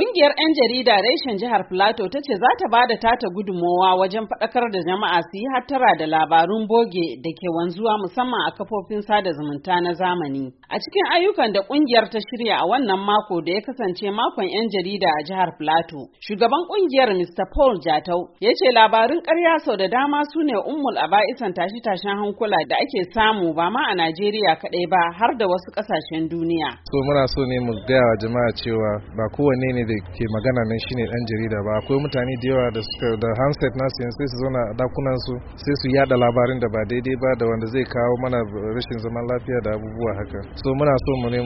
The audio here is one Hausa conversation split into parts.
Kungiyar 'yan jarida reshen jihar Filato ta ce za ta ba da tata gudummawa wajen faɗakar da jama'a su yi hattara da labarun boge da ke wanzuwa musamman a kafofin sada zumunta na zamani. A cikin ayyukan da kungiyar ta shirya a wannan mako da ya kasance makon 'yan jarida a jihar Filato, shugaban kungiyar Mr. Paul Jatau ya ce labarun ƙarya sau da dama su ne a baisan tashe-tashen hankula da ake samu ba ma a Najeriya kaɗai ba har da wasu ƙasashen duniya. So muna so ne mu gaya wa jama'a cewa ba kowanne ne da ke magana nan shine dan jarida ba akwai mutane da yawa da suka da handset su sai su zauna a dakunan su sai su yada labarin da ba daidai ba da wanda zai kawo mana rashin zaman lafiya da abubuwa haka so muna so mu ne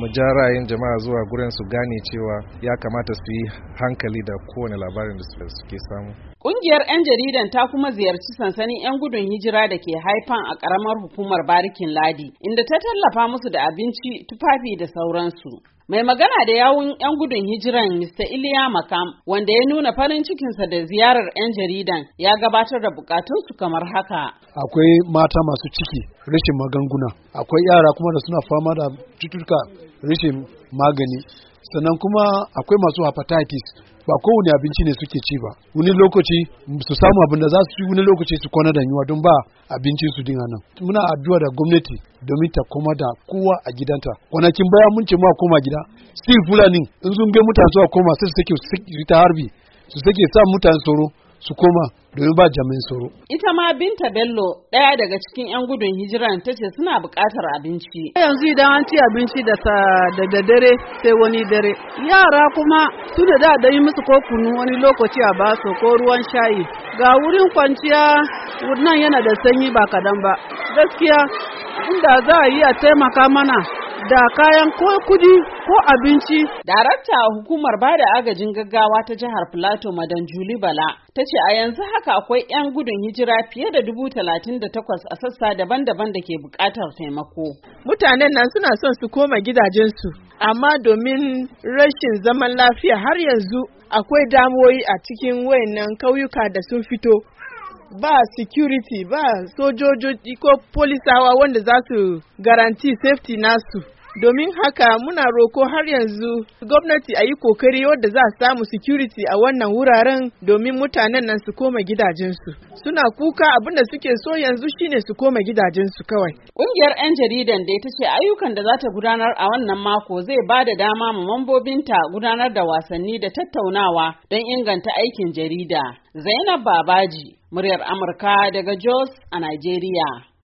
mu ja ra'ayin jama'a zuwa gurin su gane cewa ya kamata su yi hankali da kowane labarin da suke samu Ƙungiyar 'yan jaridan ta kuma ziyarci sansanin 'yan gudun hijira da ke haifan a ƙaramar hukumar Barikin Ladi, inda ta tallafa musu da abinci, tufafi da sauransu. Mai magana da yawun 'yan gudun hijiran Mr. Iliya Makam, wanda ya nuna farin cikinsa da ziyarar 'yan jaridan, ya gabatar da bukatunsu kamar haka. Akwai mata masu ciki rashin magunguna, akwai yara kuma da suna fama da cututtuka rashin magani. sannan kuma akwai masu hepatitis ba kowane abinci ne suke ci ba wani lokaci su samu abin da za su ci wani lokaci su kwana da yiwuwa don ba abinci su dinga nan muna addu'a da gwamnati domin ta koma da kowa a gidanta kwanakin baya mun ce ma koma gida sai fulani in sun ga mutane su koma sai su take su ta harbi su sake sa mutane tsoro su koma domin ba jami'in tsoro. Ita ma Binta Bello ɗaya daga cikin 'yan gudun hijiran ta ce suna buƙatar abinci. Yanzu idan an ci abinci da da dare sai wani dare. Yara kuma su da da yi musu ko kunu wani lokaci a basu ko ruwan shayi. Ga wurin kwanciya nan yana da sanyi ba kadan ba. Gaskiya inda za a yi a taimaka mana da kayan ko kudi ko abinci. Darakta hukumar bada agajin gaggawa ta jihar Filato Madan Juli Bala ta ce a yanzu haka akwai 'yan gudun hijira fiye da dubu talatin da takwas a sassa daban-daban da ke buƙatar taimako. Mutanen nan suna son su koma gidajensu, amma domin rashin zaman lafiya har yanzu akwai damoyi a cikin wayannan kauyuka da sun fito ba security ba sojojoji ko polisawa wanda za su garanti safety nasu Domin haka muna roko har yanzu gwamnati a yi kokari wadda za a samu security a wannan wuraren domin mutanen nan su koma gidajensu. Suna kuka abin da suke so yanzu shine su koma gidajensu kawai. Ƙungiyar 'yan jaridan dai ta ce ayyukan da za ta gudanar a wannan mako zai ba da dama ma mambobinta gudanar da wasanni da tattaunawa don inganta aikin jarida. Zainab Babaji, muryar Amurka daga Jos a Najeriya.